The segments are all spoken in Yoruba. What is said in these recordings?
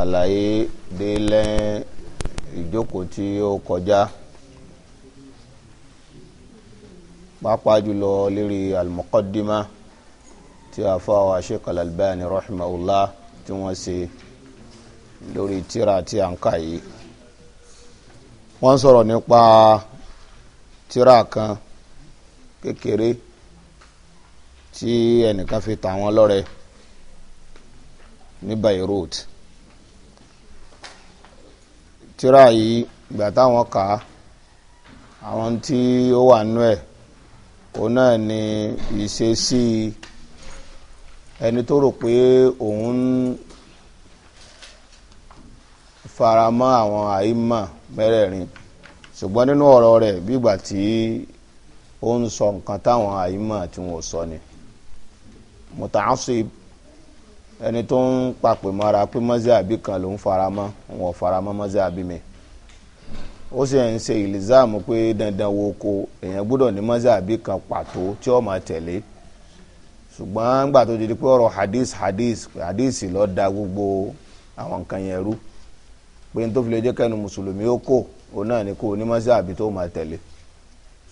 àlàyé délẹ̀ ìjókòó tí ó kọjá pàápàá jùlọ lérí al-muqaddima tí a fọ́ àwọn Sheikh al-Albani rahimahullah tí wọ́n ṣe lórí tírà tí a ń kà yìí wọ́n sọ̀rọ̀ nípa tírà kan kékeré tí ẹnìkan fi tà wọ́n lọ́rẹ ní Beirut tíra yìí ìgbà táwọn kà á àwọn tí ó wà nú ẹ̀ òun náà ni ìṣesí ẹni tó rò pé òun faramọ́ àwọn àìmọ mẹ́rẹ̀ẹ̀rin ṣùgbọ́n nínú ọ̀rọ̀ rẹ̀ bí ìgbà tí ó ń sọ nǹkan táwọn àìmọ tí wọn ò sọ ni mutaasib ẹni tó ń papè mọ́ra pé mọ́síàbí kan ló ń faramọ́ wọn ò faramọ́ mọ́síàbí mi ó sì ń ṣe ìlìzáàmù pé dandan wo ko èèyàn gbọ́dọ̀ ní mọ́síàbí kan pàtó tí ó máa tẹ̀lé ṣùgbọ́n gbà tó di pé ọ̀rọ̀ hadith hadith hadith ló da gbogbo àwọn nǹkan yẹn rú pé n tó fi mùsùlùmí ó kò òun náà ni kò ní mọ́síàbí tó máa tẹ̀lé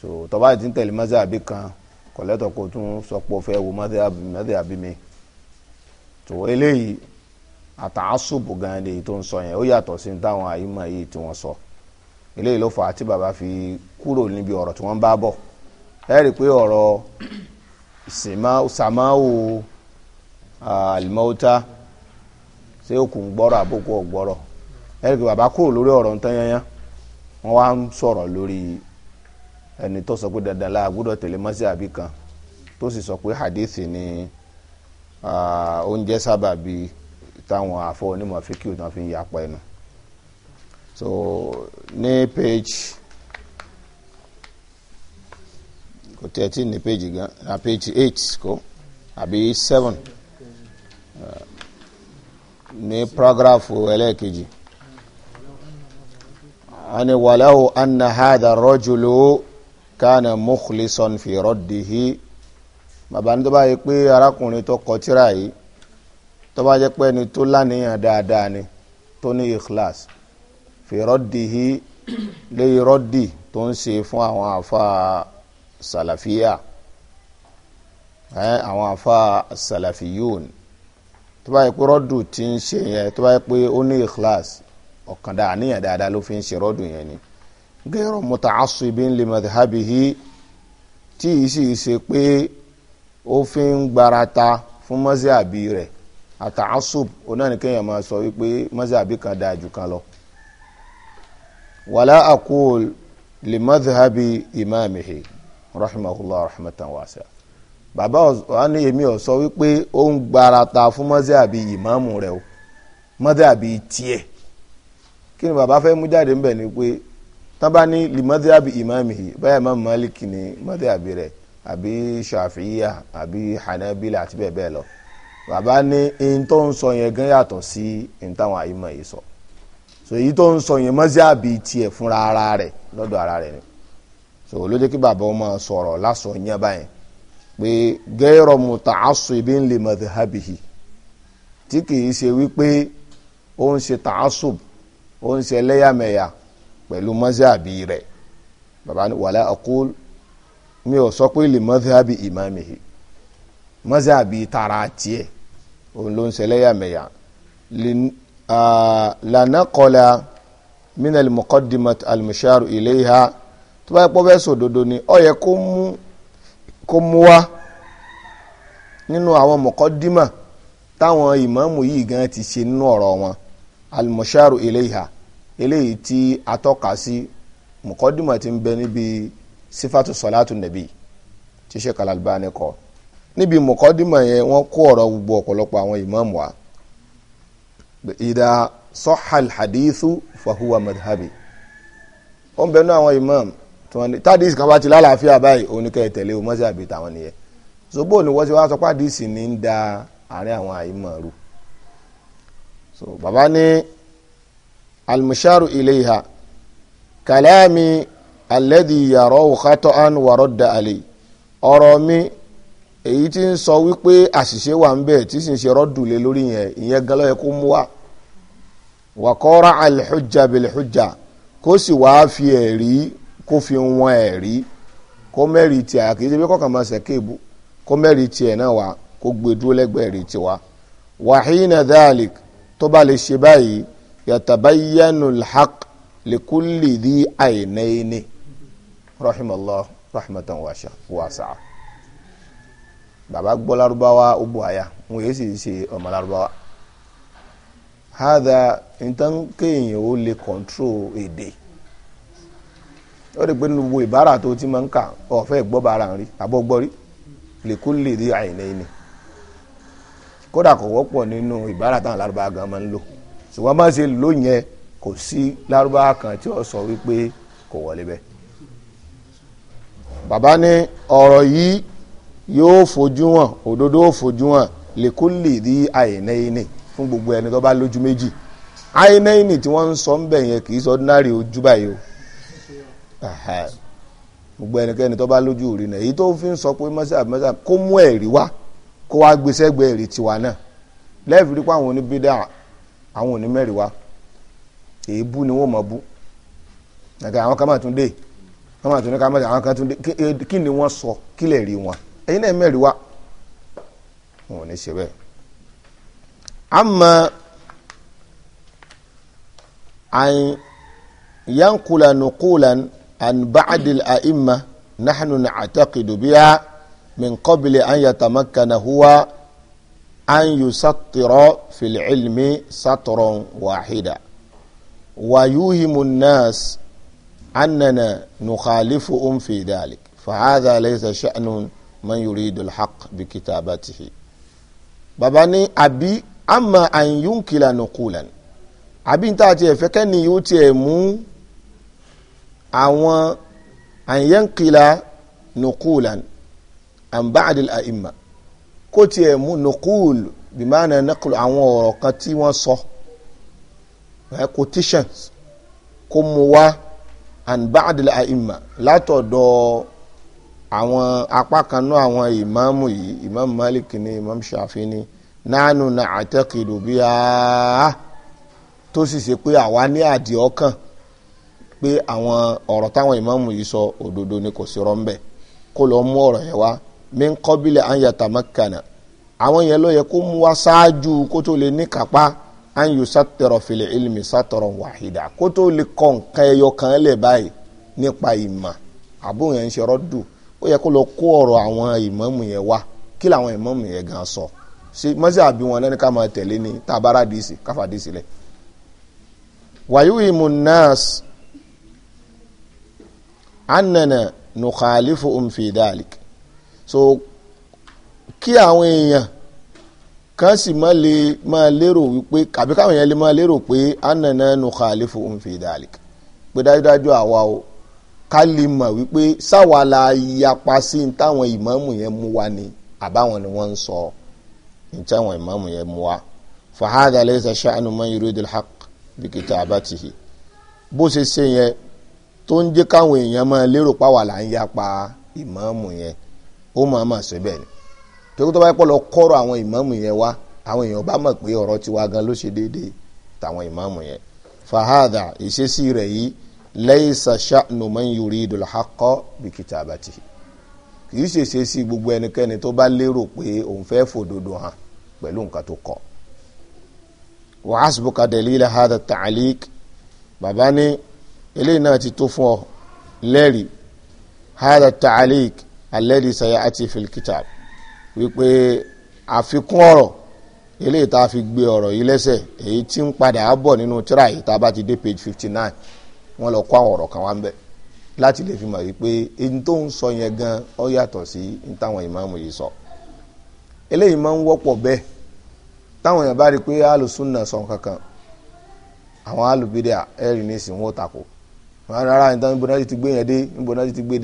so tó bá ti ń tẹ̀lé mọ́síàbí kan kọ̀lẹ́tọ̀ kó tún sọ pé ó fẹ́ wo mọ́síàbí mi tó eléyìí àtàásùbù gan ni tó ń sọ yẹn ó yàtọ̀ sí táwọn àyímọ̀ yìí tí wọ́n sọ eléyìí ló fà á tí bàbá fi kúrò níbi ọ̀rọ̀ tí wọ́n bá bọ̀ ẹ rí i pé ọ̀rọ̀ sàmáwò àlìmọ́ta ṣé òkùn gbọ́rọ̀ àbókù ọ̀gbọ́rọ̀ ẹ rí i pé bàbá kúrò lórí ọ̀rọ̀ ntán yányán wọ́n wá ń sọ̀rọ̀ lórí ẹni tó sọ pé dandan la gbọ́dọ̀ tẹ̀lé mọ́sí àbí kan tó sì sọ pé hadith ni oúnjẹ sábà bí táwọn afọ onímọ̀ fíkì tí wọ́n fi ń yapa ẹnu so ní page kò tẹ̀ tí ní page gan na page eight kò àbí seven ní paragraph ẹlẹ́ẹ̀kejì wọ́n ní wàláwo anna hadha rọ́jùlú kánà mukhlisan fi rọ́dìhí bàbá ní tó bá yẹ pé arákùnrin tó kọ tírà yìí tó bá jẹ pé ẹni tó lánìyàn dáadáa ni tó ní ikhlas fi raddihi lè raddi tó ń ṣe fún àwọn àfa sàlàfíà àwọn àfa sàlàfíyùn tó bá yẹ pé rọ́dù ti ń ṣe yẹn tó bá yẹ pé ó ní ikhlas ọ̀kan dáa níyàn dáadáa ló fi ń ṣe rọ́dù yẹn ni ghayru muta'assibin li madhhabihi tí ì sì ṣe pé. o fi ń gbarata fún mọ́síàbí rẹ̀ àtàásùb onáníkéèyàn máa sọ wípé mọ́síàbí kan dáa jù kan lọ. wàlá àkúl lè mọ́síàbí ìmáàmìhì rahimahullah rahmatan wasa. bàbá ọ̀sán èmi ò sọ wípé ó ń gbarata fún mọ́síàbí ìmáàmù rẹ̀ o mọ́síàbí tiẹ̀ kí ni bàbá fẹ́ mú jáde ni pé tán ní lè mọ́síàbí ìmáàmìhì báyà má maliki ní mọ́síàbí rẹ̀ àbí ṣàfíyà àbí hanabila àti bẹ́ẹ̀ bẹ́ẹ̀ lọ bàbá ní in tó ń sọ yẹn gan yàtọ̀ sí in táwọn àyímọ̀ yìí sọ so èyí tó ń sọ yẹn mọ́síàbí tiẹ̀ fúnra ara rẹ̀ lọ́dọ̀ ara rẹ̀ ni so ló jẹ́ kí bàbá ọmọ sọ̀rọ̀ lásọ̀ yẹn báyẹn pé gẹ́rọ̀ muta'assibin li madhhabihi tí kìí ṣe wípé ó ń ṣe ta'assub ó ń ṣe ẹlẹ́yàmẹ̀yà pẹ̀lú mọ́síàbí rẹ̀ bàbá ní wàlá aqul mi ò sọ pé lè mọ́sáàbì ìmáàmì yìí mọ́sáàbì tara tiẹ̀ òun ló ń ṣẹlẹ́yàmẹ̀yà lànàkọ́lá minal muqaddimat al-musharu ilayha tó bá yẹ pọ́ bẹ́ẹ̀ sòdodo ni ó yẹ kó mú kó mú wá nínú àwọn muqaddima táwọn ìmáàmù yìí gan ti ṣe nínú ọ̀rọ̀ wọn al-musharu ilayha eléyìí tí atọ́ka sí muqaddima ti ń bẹ níbi sífàtú sọ̀látù nàbí tí Sheikh Al-Albani kọ níbi mọ̀kọ́dímọ̀ yẹn wọ́n kó ọ̀rọ̀ gbogbo ọ̀pọ̀lọpọ̀ àwọn ìmáàmù wa ìdá sọ́hàl hadithu fahuwa madhabi ó ń bẹnu àwọn ìmáàmù tádìsì kan bá ti lálàáfíà báyìí òun ni kẹ́ tẹ̀lé o mọ́sí àbí tàwọn nìyẹn ṣùgbọ́n ni wọ́n ti wá sọ àdìsì ní ń da àárín àwọn àìmọ̀ rú so bàbá ní almusharu ilayha kalami alẹ́dì yàrá òkàtọ́ àn wàrọ̀ da àlè ọ̀rọ̀ mi èyí tí ń sọ wípé àṣìṣe wà ń bẹ tí sì ń ṣe rọ́dù lé lórí yẹn ìyẹn gan lọ́yẹ kó mú wa wàkọ́ra alìhújà bìlìhújà kó sì wáá fi ẹ̀rí kó fi wọn ẹ̀rí kó mẹ́rì tiẹ̀ kì í ṣe bí kọ́kàn máa ṣẹ̀kẹ́ ìbú kó mẹ́rì tiẹ̀ náà wá kó gbé dúró lẹ́gbẹ̀ẹ́ rí tiwa wàhíìnà dhalik tó bá lè ṣe báyìí yàtàbáyánu lhaq lèkúlìdí àìnáyéni rahimallah rahmatan wasi'a bàbá gbọ́ lárúbáwá ó bu àyà wọn yéé sì ṣe ọmọ lárúbáwá hádà nǹkan kéèyàn ó lè kọ̀ntró èdè ó rí i pé nínú gbogbo ìbára tó ti máa ń kà ọ̀fẹ́ gbọ́ bàrà ń rí abọ́ gbọ́ rí lèkó lè rí àyìnlẹ́ yìí ni kódà kò wọ́pọ̀ nínú ìbára táwọn lárúbáwá gan máa ń lò ṣùgbọ́n bá ń ṣe lò yẹn kò sí lárúbáwá kan tí ó sọ wípé kò wọlé bẹ́ẹ̀ bàbá ní ọ̀rọ̀ yìí yóò fojú wọn òdodo ó fojú wọn lèkúlè rí àìnẹ́yìnì fún gbogbo ẹni tó bá lójú méjì àìnẹ́yìnì tí wọ́n ń sọ ń bẹ̀ yẹn kì í sọ ordinary ojú báyìí o gbogbo ẹnikẹ́ni tó bá lójú rí náà èyí tó fi ń sọ pé mọ́sàb mọ́sàb kó mú ẹ̀rí wá kó wá gbèsẹ́gbẹ́ ẹ̀rí tiwa náà lẹ́ẹ̀fì rí pé àwọn oníbídà àwọn onímẹ̀rí wá èébú ni wọ́n mọ̀ bú àwọn kan máa tún dé wọ́n máa tún ní ká mẹ́ta àwọn kan tún eh, kí ni wọ́n sọ kí lè rí wọn ẹ̀yin náà mẹ́rin wá wọn ò ní ṣe bẹ́ẹ̀. àmọ́ àyìn yankula nukulan an ba'adil a'imma nahnu na'taqidu biha min qabli an yatamakkana huwa an yusattira fil ilmi satran wahida wa yuhimu an أننا نخالفهم في ذلك فهذا ليس شأن من يريد الحق بكتابته bàbá ní àbí àmà àyùnkìlà nùkùlà àbí níta àti ẹ̀fẹ́ kẹ́ni yóò tiẹ̀ mú àwọn àyùnkìlà nùkùlà àǹbáàdìl àìmà kó tiẹ̀ mú nùkùl bìmánà nàkùl àwọn ọ̀rọ̀ kan tí wọ́n sọ quotations kó mu wá and ba'dil a'imma látọ̀dọ̀ àwọn apá kan náà àwọn ìmáàmù yìí ìmáàmù malik ni ìmáàmù shafi ni nánú na àtẹ́kìlù bí a tó sì ṣe pé àwa ní àdì ọkàn pé àwọn ọ̀rọ̀ táwọn ìmáàmù yìí sọ òdodo ni kò sí rọ́ńbẹ́ kó lọ́ọ́ mú ọ̀rọ̀ yẹn wá mí ń kọ́ bílẹ̀ àyàtà àwọn yẹn ló yẹ kó mú wá ṣáájú kó tó lè ní kápá an yusattara fil ilmi sataran wahida kó tó lè kọ́ nǹkan ẹyọ kan lẹ̀ báyìí nípa ìmọ̀ àbúrò yẹn ń ṣe rọ́dù ó yẹ kó lọ kó ọ̀rọ̀ àwọn ìmámù yẹn wá kí làwọn gan sọ ṣe mọ́sí àbí wọn lẹ́ni ká máa tẹ̀lé ní tabara dìísì káfà dìísì lẹ̀. wàyú imunas anana nukhalifu umfidalik so kí àwọn èèyàn kán sì má lè máa lérò wípé kàbí káwọn yẹn lè máa lérò pé ànànà nu khalifu ń fi dàlík pé dájúdájú àwa o ká lè mọ̀ wípé sáwa la yapa sí ní táwọn ìmáàmù yẹn mú wa ni àbáwọn ni wọ́n ń sọ ní táwọn ìmáàmù yẹn mú wa fahadà laysa sha'nu man yuridul haqq bi kitabatihi bó ṣe ṣe yẹn tó ń jẹ́ káwọn èèyàn máa lérò pàwọ̀ là ń yapa ìmáàmù yẹn ó máa máa ṣe bẹ́ẹ̀ ni torí tó bá yẹ pọ̀ lọ kọ́rọ̀ àwọn ìmáàmù yẹn wá àwọn èèyàn bá mọ̀ pé ọ̀rọ̀ tiwa gan ló ṣe déédéé tàwọn ìmáàmù yẹn fahadà ìṣesí rẹ̀ yìí laysa sha'nu man yuridul haqqa bi kitabatihi kì í ṣèṣe sí gbogbo ẹnikẹ́ni tó bá lérò pé òun fẹ́ fòdodo hàn pẹ̀lú nǹkan tó kọ. wa hasbuka dalila hadha bàbá ní eléyìí náà ti tó fún ọ lẹ́rìí hadha ta'liq alladhi wípé àfikún ọ̀rọ̀ eléyìí tá a fi gbé ọ̀rọ̀ yìí lẹ́sẹ̀ èyí tí ń padà bọ̀ nínú tíra yìí tá page fifty nine wọ́n lọ kó àwọn ọ̀rọ̀ kan wá fi mọ̀ wípé ẹni tó ń sọ yẹn gan ó yàtọ̀ sí ní táwọn ìmáàmù yìí sọ eléyìí máa ń wọ́pọ̀ bẹ́ẹ̀ táwọn èèyàn bá rí kankan àwọn ẹ̀rì ní ìsìn wọn ò takò ti gbé yẹn ti gbé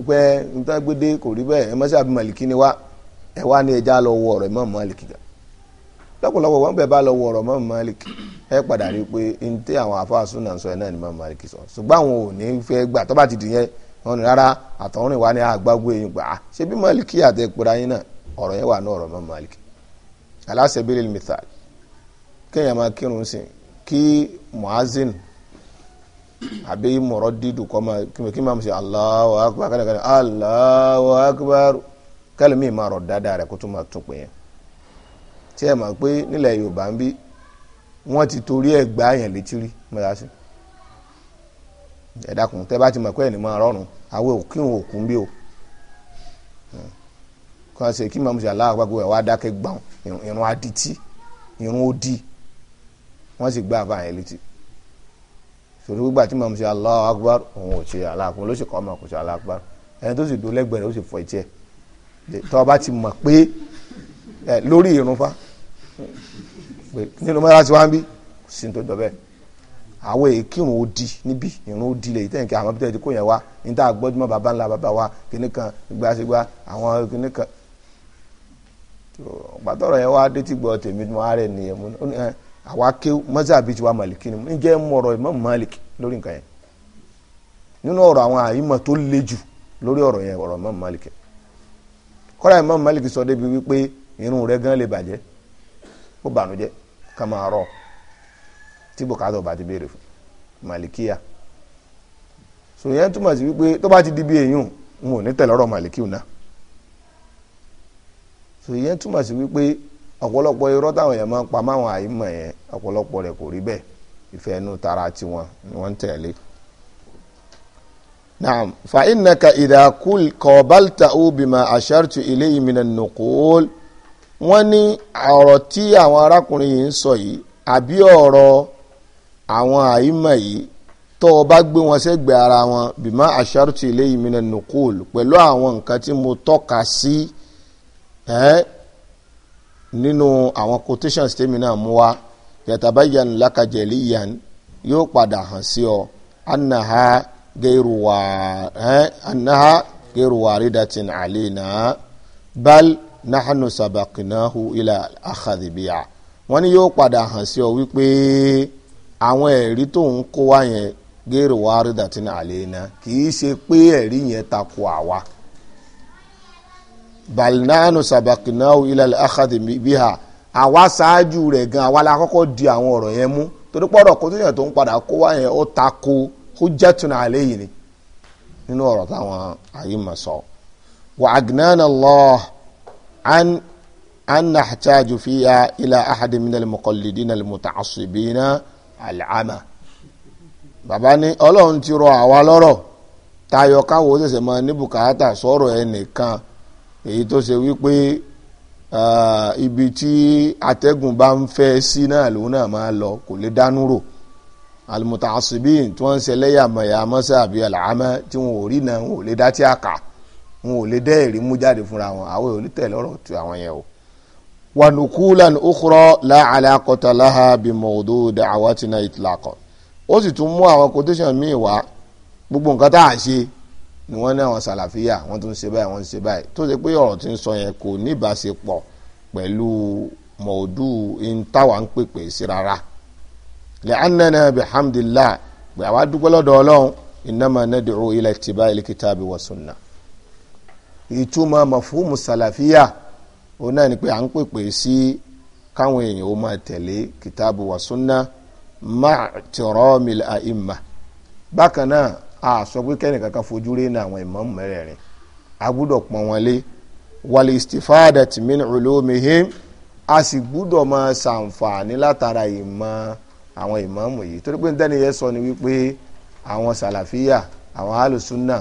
pé ntágbédé kò rí bẹ́ẹ̀ ẹ mọ́sí àbí màlìkí ni wá ẹ wá ní ẹja lọ wọ ọ̀rọ̀ Imam Málíkì gà lọ́pọ̀lọpọ̀ wọ́n bẹ̀ bá lọ wọ ọ̀rọ̀ Imam Málíkì ẹ padà rí pé n àwọn nso náà sọ ẹ náà ni Imam Málíkì sọ ṣùgbọ́n àwọn ò ní fẹ́ gbà bá ti dìyẹn wọn ni rárá àtọ̀rìn wa ni àgbágbó eyín gbà ah, ṣé bí náà ọ̀rọ̀ àbí mọ̀rọ̀ dídùn kọ́ máa kí máa ṣe Allahu akbar kálí kálí Allahu akbar kálí mi máa rọ̀ dáadáa rẹ̀ kó tó máa tún pè yẹn tí ẹ mọ̀ pé nílẹ̀ Yorùbá ń bí wọ́n ti torí ẹ̀ gbá yẹn létí rí mọ́ra sí ẹ dákun tẹ́ bá ti mọ̀ pé ẹni máa rọrùn àwọn òkú ìwọ̀n òkú bí o kọ́ ṣe kí máa ṣe Allahu akbar ẹ̀ wá dákẹ́ gbọ̀n irun adití irun odi wọ́n sì gbá àbáyẹn létí sori gbígbà tí màmú ṣe Allahu Akbar òun ò ṣe aláàkùn ló sì kọ́ ọmọ kò ṣe Allahu Akbar ẹni tó sì dúró lẹ́gbẹ̀ẹ́ rẹ̀ ó sì fọ etí ẹ̀ tó o bá ti mọ̀ pé ẹ lórí ìrúnfá pé nínú mọ́ra ti wá ń bí kò sí ní tó jọ bẹ́ẹ̀ àwọn èkìrùn odi níbí ìrún odi lè tẹ̀ kí àwọn bíi kò yẹn wá ní tá a gbọ́ jùmọ̀ bàbá ńlá bàbá wa kìnnì kan gbàṣẹgbà àwọn kìnnì kan gbàtọ̀rọ̀ yẹn wá dé tí gbọ́ tèmi mọ́ ara ẹ̀ nìyẹn àwa ké mọ́sàbí wa màlìkì ni ń jẹ́ mọ̀rọ̀ Imam Malik lórí nǹkan yẹn nínú ọ̀rọ̀ àwọn àyímọ̀ tó le jù lórí ọ̀rọ̀ yẹn ọ̀rọ̀ Imam Malik kọ́ra Imam Malik sọ débi wípé irun rẹ gan lè bàjẹ́ ó bànújẹ́ ká máa rọ̀ tí bùkátà ọba ti béèrè fún so yẹn túmọ̀ sí wípé tó bá ti di bí n ò ní tẹ̀lé so yẹn túmọ̀ wípé ọ̀pọ̀lọpọ̀ irọ́ táwọn èèyàn máa ń pa máwọn àìmọ̀ yẹn ọ̀pọ̀lọpọ̀ rẹ̀ kò rí bẹ́ẹ̀ ìfẹ́ inú tara tiwọn ni wọ́n ń tẹ̀lé. naam fa innaka idha kul qabalta bima ashartu ilayhi minan nuqul wọ́n ní ọ̀rọ̀ tí àwọn arákùnrin yìí ń sọ yìí àbí ọ̀rọ̀ àwọn àìmọ̀ yìí tó o bá gbé wọn sẹ́gbẹ̀ẹ́ ara wọn bima ashartu ilayhi minan nuqul pẹ̀lú àwọn nǹkan tí mo tọ́ka sí ẹ́ nínú àwọn quotations tèmi náà mú wa yatabayan laka jaliyan yóò padà hàn sí ọ annaha gairu wa annaha gairu waridatin alaina bal nahanu sabakinahu ila akhadhibiya wọ́n ní yóò padà hàn sí ọ wípé àwọn ẹ̀rí tó ń kó wá yẹn gairu waridatin alaina kì í ṣe pé ẹ̀rí yẹn takò àwa balinanu sabakinau ilal akhadi biha àwa ṣáájú rẹ̀ gan àwa la kọ́kọ́ di àwọn ọ̀rọ̀ yẹn mú torí pọ́rọ̀ kó tó yàn tó ń padà kó wá yẹn ó ta ko ó jẹ́ tunu àlẹ́ yìí ni nínú ọ̀rọ̀ táwọn ayé mọ̀ sọ. wa agnana Allah an an nahtaju fiya ila ahadi minal muqallidina almuta'assibina al'ama. bàbá ní ọlọ́run ti rọ àwa lọ́rọ̀ tayọ káwọ́ ó ṣẹ̀ṣẹ̀ máa ní bùkátà sọ̀rọ̀ ẹnìkan. E èyí tó ṣe wípé ibi tí atẹ́gùn bá ń fẹ́ sí náà lòun náà máa lọ kò lè dánú rò alimutasibin tí wọ́n ń ṣe lẹ́yàmẹ̀yà mọ́sá àbí àlàámẹ́ tí wọn ò rí náà wọn ò lè dá tí a kà wọn ò lè dẹ́ ẹ̀rí mú jáde fúnra wọn àwọn ò lè tẹ̀lé ọ̀rọ̀ tí àwọn yẹn o. wanukulan ukhra la alaqata laha bimawdu da'awatina itlaqa ó sì tún mú àwọn quotation míì wá gbogbo nǹkan tá à ń ṣe ni wọ́n ní àwọn sàlàfíà wọ́n tún ṣe báyìí wọ́n ṣe báyìí tó ṣe pé ọ̀rọ̀ tí ń sọ yẹn kò níbàṣepọ̀ pẹ̀lú mọ̀ọ́dù ìntàwà ń pèpè sí rárá lẹ́hánnáná bihamdillah pé àwa dúpẹ́ lọ́dọ̀ ọlọ́run innama nad'u ila ittiba'i alkitabi wa sunna ìtumọ̀ mafhumu sàlàfíà òun náà ni pé à ń pèpè sí káwọn èèyàn ó máa tẹ̀lé kitabu wa sunna ma'a ihtiramil a'imma bákan náà a sọ pé kẹ́nì kankan fojú rí ní àwọn ìmáàmù mẹ́rẹ̀ẹ̀rin a gbúdọ̀ pọ́n wọn lé wal istifadati min ulumihim a sì gbúdọ̀ máa ṣàǹfààní látara ìmọ̀ àwọn ìmáàmù yìí torí pé dẹ́ni yẹn sọ ni wípé àwọn sàlàfíà àwọn alùsùnà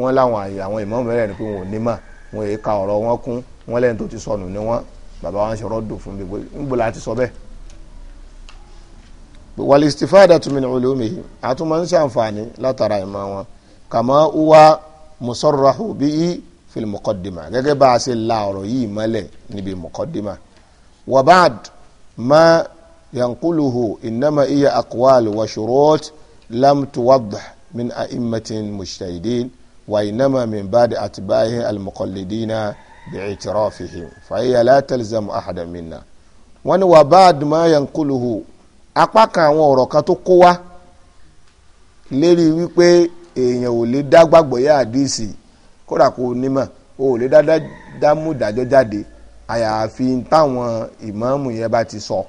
wọn láwọn àyè àwọn ìmáàmù mẹ́rẹ̀ẹ̀rin pé wọn ò ní mà wọn èyí ọ̀rọ̀ wọn kún wọn lẹ́yìn tó ti sọnù ni wọn bàbá wọn ṣe rọ́dùn fún mi gbogbo wàlí istifada tún mi ní olómihi àtúmọ̀ ń ṣàǹfààní látara ìmọ̀ wọn kàmá uwa musarrahu bíi fil muqaddima gẹ́gẹ́ bá a ṣe la ọ̀rọ̀ yìí mọ́lẹ̀ níbi muqaddima wabad ma yankuluhu innama iya aqwal wa shurut lam tuwaddah min a'immatin mujtahidin wa innama min ba'di atba'ihi al-muqallidina bi'itirafihim la talzamu ahadan minna wani wabad ma yankuluhu apá kan àwọn ọ̀rọ̀ kan tó kó wá lérí wípé èèyàn ò lè dá gbàgbọ́ yá àdìsí kódà kó onímọ̀ o ò lè dá mú ìdájọ́ jáde àyàfi táwọn ìmáàmù yẹn bá ti sọ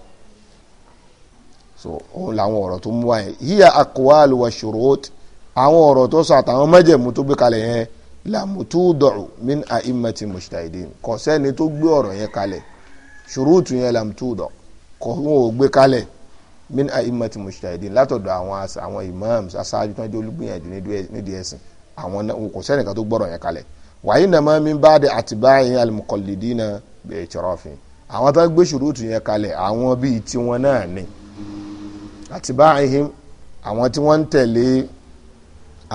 so òun làwọn ọ̀rọ̀ tó mú wá yẹn hiya aqwal wa shurut àwọn ọ̀rọ̀ tó sọ àtàwọn májẹ̀mú tó gbé kalẹ̀ yẹn làmùtú dọ̀ọ̀ min a'immati mujtahidin kò sẹ́ni tó gbé ọ̀rọ̀ yẹn kalẹ̀ ṣùrùtù yẹn làmùtú dọ̀ kò wọ́n ò gbé kalẹ̀ min aimati mujtahidin látọ̀dọ̀ àwọn àwọn imams aṣáájú tó ń jẹ́ olùgbìyànjú nídìí ẹ̀sìn àwọn kò sẹ́nìkan tó gbọ́rọ̀ yẹn kalẹ̀ wàyí nàmá min ba'di atba'i al-muqallidina bi'tirafin àwọn tó ń gbé ṣùrùtù yẹn kalẹ̀ àwọn bíi tiwọn náà ni atba'ihim àwọn tí wọ́n ń tẹ̀lé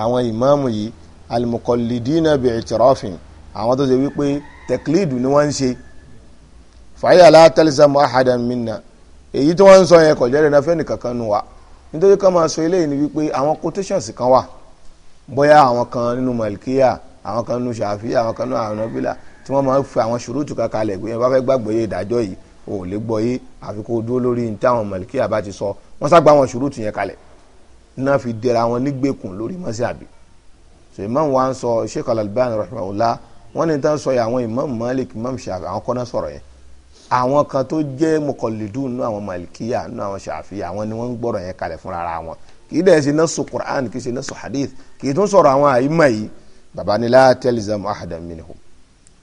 àwọn ìmáàmù yìí al-muqallidina bi'tirafin àwọn èyí tí wọ́n ń sọ yẹn kò jẹ́rìí náà fẹ́ni kankan nu wa nítorí ká máa sọ eléyìí ni wípé àwọn quotations kan wà bóyá àwọn kan nínú malikiya àwọn kan nínú ṣàfíà àwọn kan nínú àrùnàbílà tí wọ́n máa ń fi àwọn ṣòrútù kakalẹ̀ gbé yẹn bá fẹ́ gbàgbọ́ yé ìdájọ́ yìí ò lè gbọ́ yé àfi kó dúró lórí ní táwọn malikiya bá ti sọ wọ́n sá àwọn ṣòrútù yẹn kalẹ̀ náà fi dẹra wọn nígbèkùn lórí mọ́sí àbí so imam wa ń sọ sheikh al-Albani rahimahullah wọ́n ní tán sọ yà àwọn imam malik imam shafi àwọn kọ́ná sọ̀rọ̀ yẹn àwọn kan tó jẹ́ mọ̀kànlélùdù nínú àwọn malikiya nínú àwọn ṣàfihàn àwọn ni wọ́n ń gbọ́rọ̀ yẹn kalẹ̀ fúnra ara wọn kì í dẹ̀ ṣe nasu Qur'an kì í ṣe nasu hadith kì í tún sọ̀rọ̀ àwọn àyímọ̀ yìí baba ni la telzam ahadan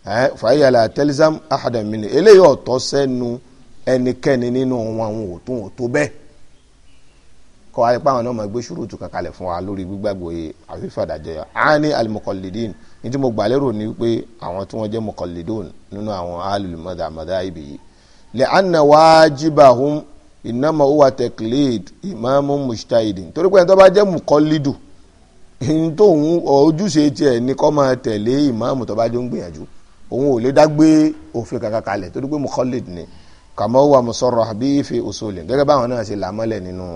ẹ fàáyà la telzam ahadan eléyìí ọ̀tọ́ sẹ́nu ẹnikẹ́ni nínú wọn àwọn òtún òtó bẹ́ẹ̀ kọ́ ayé pàwọn náà máa gbé ṣurutu kankalẹ̀ fún wa lórí gbígbàgbọ́ yìí àfífàdàjẹ́ ani ní tí mo gbà lérò ni pé àwọn tí wọ́n jẹ́ mọ̀kànlédòn nínú àwọn alùmọ̀dà àmọ̀dá ibì yìí lè anna wajibahum innama huwa taqlid ìmáàmù mùsítáìdì torí pé ẹni tó bá jẹ́ mọ̀kànlédù ní tóun ojúṣe tiẹ̀ ní kọ́ máa tẹ̀lé ìmáàmù tó bá jọ ń gbìyànjú òun ò lè dágbé òfin kankan kalẹ̀ torí pé mọ̀kànléd ni kàmọ́ wà mùsọ̀rọ̀ àbí fi usulin gẹ́gẹ́ báwọn náà ṣe làmọ́lẹ̀ nínú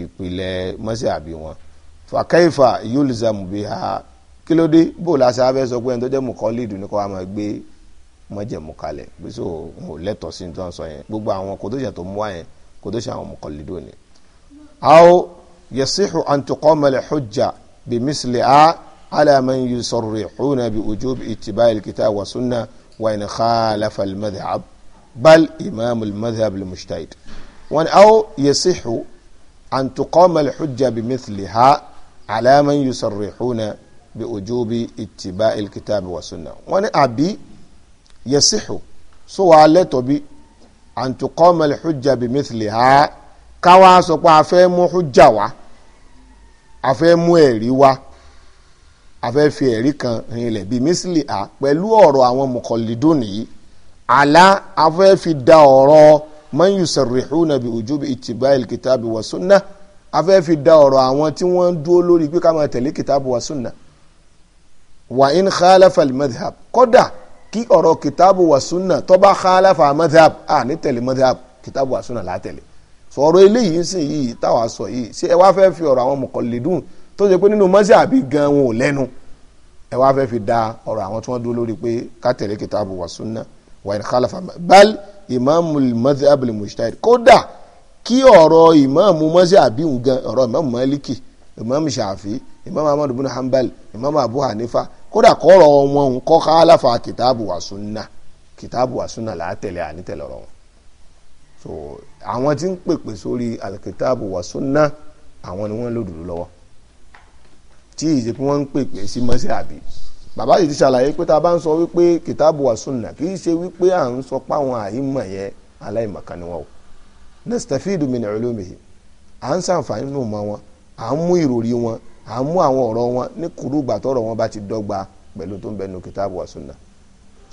ìpìlẹ̀ mọ́sí àbí wọn fa kaifa yulzamu biha kí ló dé bó o láṣẹ abẹ́ sọ pé ẹni tó jẹ́ mùkọ́lìdù ni kò wá máa gbé mọ́jẹ̀mú kalẹ̀ bí so n ò lẹ́tọ̀ọ́ sí tó ń sọ yẹn gbogbo àwọn kò tó ṣe tó mú wá yẹn kò tó ṣe àwọn mùkọ́lìdù ni. aw yasihu an tuqama al-hujja bi misliha ala man yusarrihuna bi wujubi ittiba'i al-kitab sunna wa in khalafa al bal imam al-madhhab al-mujtahid wọn aw yasihu an tuqama al-hujja bi misliha ala man yusarrihuna bi ujubi ittiba ilkitabi wa sunna wọ́n ní àbí yasihu so wàá lẹ́tọ̀ bí antukọ́mọ̀lì hujja bi mithli ha káwa sọ pé a fẹ́ mú hujja wa a fẹ́ mú ẹ̀rí wa a fẹ́ fi ẹ̀rí kan rinlẹ̀ bi mithli ha pẹ̀lú ọ̀rọ̀ àwọn mọ̀kànlélódún yìí àlá a fẹ́ fi da ọ̀rọ̀ man yusarrihuna bi ujubi ittiba ilkitabi wa sunna a fẹ́ fi da ọ̀rọ̀ àwọn tí wọ́n dúró lórí pé ká máa tẹ̀lé kitabu wa sunna wa in khalafa al-madhhab kódà kí ọ̀rọ̀ kìtàbù wa sunna tó bá khalafa madhhab à ní tẹ̀lé madhhab kìtàbù wa sunna látẹ̀lé sọ̀rọ̀ eléyìí sìn yìí táwa sọ yìí ṣé ẹ wá fẹ́ fi ọ̀rọ̀ àwọn muqallidun tó ṣe pé nínú mọ́sàbí gan wọn ò lẹ́nu ẹ wá fẹ́ fi da ọ̀rọ̀ àwọn tí wọ́n dúró lórí pé ká tẹ̀lé kìtàbù wa sunna wa in khalafa bal imamul madhhab al-mujtahid kódà kí ọ̀rọ̀ ìmáàmù mọ́sàbí gan ọ̀rọ̀ ìmáàmù Málíkì ìmáàmù Ṣáfi'í imam ahmad bin hanbal imam abu hanifa kódà kọ́rọ̀ wọn ń kọ́ kálàfà kìtàbù wà súnà kìtàbù wà súnà látẹ̀lẹ̀ ànítẹ̀lẹ̀ ọ̀rọ̀ wọn. so àwọn tí ń pèpè sórí àkìtàbù wà súnà àwọn ni wọ́n lòdùdú lọ́wọ́ tí ìṣe pé wọ́n ń pèpè sí mọ́sí àbí bàbá yìí ti ṣàlàyé pé tá a bá ń sọ wípé kìtàbù wà súnà kì í ṣe wípé à ń sọ páwọn àìmọ̀ yẹn aláìmọ̀kan ni wọn o nastafidu min ulumihim à ń sàǹfààní nù mọ́ wọn à ń mú ìròrí wọn à ń mú àwọn ọ̀rọ̀ wọn ní kúrú ìgbà tọ́rọ̀ wọn bá ti dọ́gba pẹ̀lú tó ń bẹnu kìtàbù wa sunna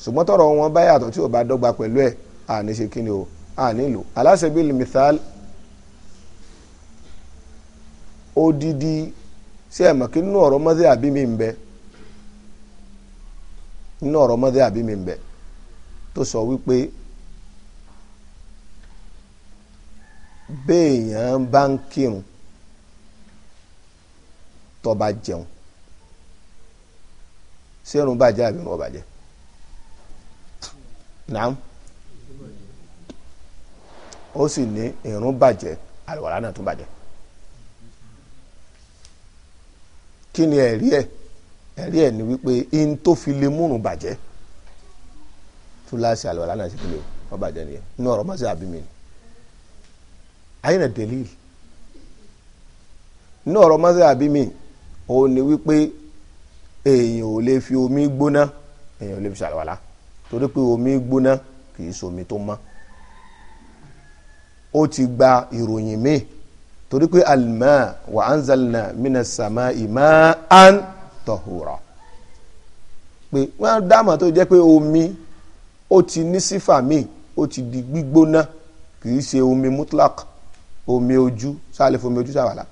ṣùgbọ́n tọ́rọ̀ wọn bá yàtọ̀ tí ò bá dọ́gba pẹ̀lú ẹ̀ à ní ṣe kíni o à nílò aláṣẹ́bíl mithal odidi sí ẹ̀mọ̀ kí nínú ọ̀rọ̀ mọ́dé àbí mi ń bẹ nínú ọ̀rọ̀ mọ́dé àbí mi ń bẹ tó sọ wípé béèyàn bá ń kírun tọba bá jẹun sẹ́rùn bàjẹ́ àbí wọn bàjẹ́ naam ó sì ní ìrun bàjẹ́ àlùwàlá náà tún bàjẹ́ kí ni ẹ̀rí ẹ̀ ẹ̀rí ẹ̀ ni wípé in tó fi lè múrùn bàjẹ́ túláàsì àlùwàlá náà sì kí ni ó nìyẹn inú ọ̀rọ̀ mọ́sí àbí mi mi òun ni wípé èèyàn ò lè fi omi gbóná èèyàn ò lè fi ṣàlùwàlá torí pé omi gbóná kì í ṣomi tó mọ́ ó ti gba ìròyìn míì torí pé alima wa anzalna mina sama ima an tọhura pé wọn dáàmà tó jẹ́ pé omi ó ti ní sífà míì ó ti di gbígbóná kì í ṣe omi mutlak omi ojú sáà lè fomi ojú ṣàlùwàlá.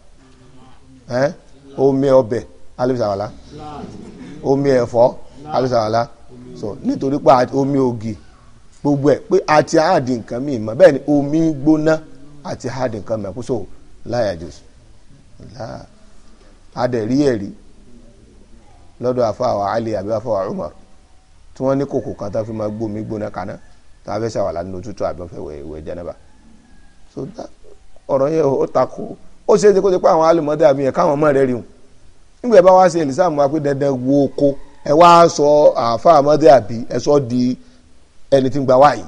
Eh? omi ọbẹ̀ alùsàwàlá omi ẹ̀fọ́ alùsàwàlá so nítorí pé omi ògì gbogbo ẹ̀ pé àti àádì nǹkan mi mọ́ bẹ́ẹ̀ ni omi gbóná àti àádì nǹkan mọ́ kó so láyà jésù adẹ̀rí ẹ̀rí lọ́dọ̀ àfọwà alẹ́ àbí àfọwà Umar tí wọ́n ní kòkò kan tó fi máa gbómi gbóná kaná tá a fẹ́ ṣàwàlá nínú tútù àbí wọ́n fẹ́ wẹ̀ wẹ̀ jẹ́nẹ́bà so ọ̀rọ̀ yẹn ó takò ó ṣe é ṣe kó ṣe pé àwọn alùmọ́dé àbí yẹn káwọn ọmọ rẹ̀ rí wọn nígbà yẹn bá wá ṣe ẹ̀lísàmù wa pé dandan wo oko ẹ wá sọ àáfà ọmọdé àbí ẹ sọ di ẹni tí ń gba wáyé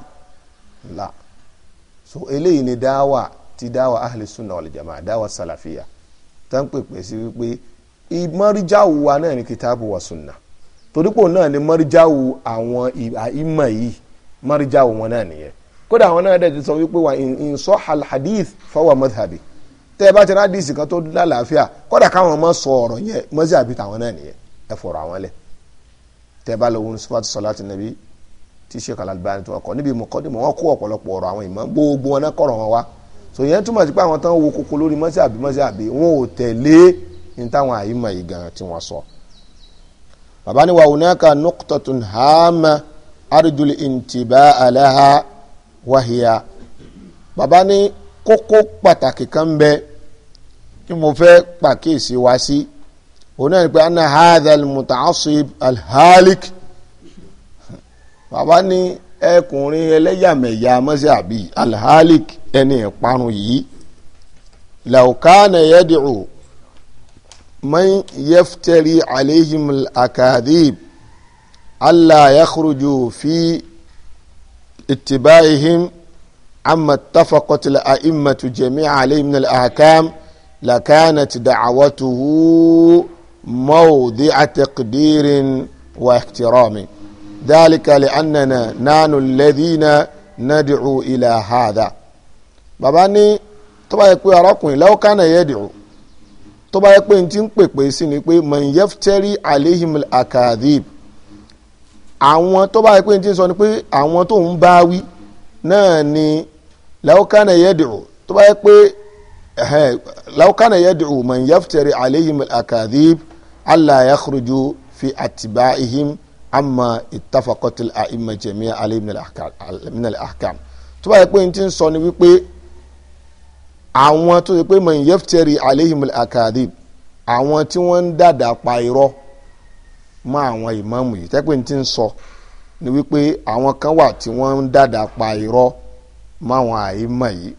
la so eléyìí ni dáwà ti dáwà ahli sunna wal jamaa dáwà sàlàfíà tá ń pèpè sí wípé ìmọ̀ríjáwò wa náà ni kìtàbù wa sunna torípò náà ni mọ̀ríjáwò àwọn ìmọ̀ yìí mọ̀ríjáwò wọn náà nìyẹn kódà àwọn náà dẹ̀ ti sọ wípé wà in sahha al hadith fawa tẹ́ ẹ bá ti rádìsì kan tó lálàáfíà kódà káwọn ọmọ sọ ọ̀rọ̀ yẹn mọ́sí àbí tàwọn náà nìyẹn ẹ fọ̀rọ̀ àwọn lẹ̀ tẹ́ ẹ bá lọ wọn sọ́fàtì sọ́láàtì nàbí tí Sheikh Al-Albani tó ọkọ̀ níbi mọ̀kọ́dìmọ̀ wọn kó ọ̀pọ̀lọpọ̀ ọ̀rọ̀ àwọn ìmọ̀ gbogbo wọn náà kọ̀rọ̀ wọn wá so yẹn túmọ̀ sí pé àwọn tán wo koko lórí mọ́sí àbí mọ́sí àbí wọn ò tẹ̀lé ní táwọn àyímọ̀ yìí gan tí wọ́n sọ. bàbá ni wa hunaka nuqtatun hama kókó pàtàkì kan bẹ́ẹ̀ tí mo fẹ́ pàkíyèsí wá sí òun náà ni pé anna hadha almutaasib alhalik bàbá ní ẹkùnrin ẹlẹ́yàmẹ̀yà mọ́sàbí alhalik ẹni ìparun yìí laukana yad'u man yaftari alayhim al-akadib alla yakhruju fi ittibaihim amma ittafaqat al-a'immatu jami'a لكانت دعوته موضع تقدير واحترام ذلك لأننا نحن الذين ندعو إلى هذا bàbá ní tó bá لو كان يدعو law kana yad'u tó bá yẹ pé n ti ń pèpè sí ni pé man yaftari alehim akadib àwọn tó yẹ pé n ti sọ ni pé àwọn tó ń bá náà ni law kana yad'u tó bá yẹ pé law kana يدعو من yaftari عليهم الأكاذيب akadhib alla في fi أما amma ittafaqat al-a'imma jami'a alayhi min al-ahkam tó bá yẹ pé n ti sọ ni wípé àwọn tó yẹ pé man yaftari alayhim al-akadhib àwọn tí wọ́n ń dàdà pa irọ́ mọ́ àwọn ìmáàmù yìí tẹ́pẹ́ ti ń sọ ni wípé àwọn kan wà tí wọ́n ń dàdà pa irọ́ mọ́ àwọn àìmọ̀ yìí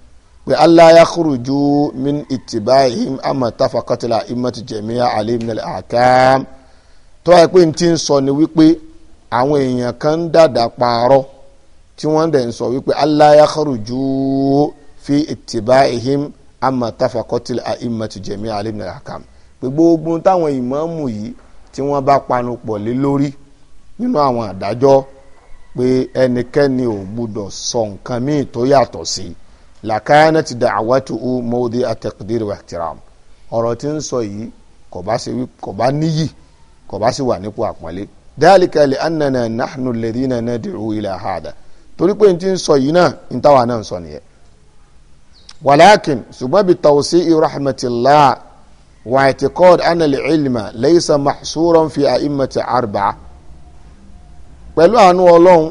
pé allah yakhruju min ittiba'ihim ama tafakatila imati jamiya alayhi min al-ahkam tó yẹ pé n ti sọ ni wípé àwọn èèyàn kan ń dàdà pààrọ̀ tí wọ́n dẹ̀ ń sọ wípé allah yakhruju fi ittiba'ihim ama tafakatila imati jamiya alayhi min al-ahkam gbogbo táwọn ìmáàmù yìí tí wọ́n bá panupọ̀ lé lórí nínú àwọn àdájọ́ pé ẹnikẹ́ni ò gbúdọ̀ sọ nǹkan míì tó yàtọ̀ sí i lakanat da'watuhu mawdi'a taqdir wa ihtiram ọ̀rọ̀ tí ń sọ yìí kò bá níyì kò bá sì wà nípò àpọ́nlé dhalika li annana nahnu alladhina nad'u ila hada torí pé n ti ń sọ yìí náà n táwa náà ń sọ nìyẹn walakin ṣùgbọ́n bi tawsi'i rahmatillah wa i'tiqad anna al-ilma laysa mahsuran fi a'immati arba'a pẹ̀lú àánú ọlọ́run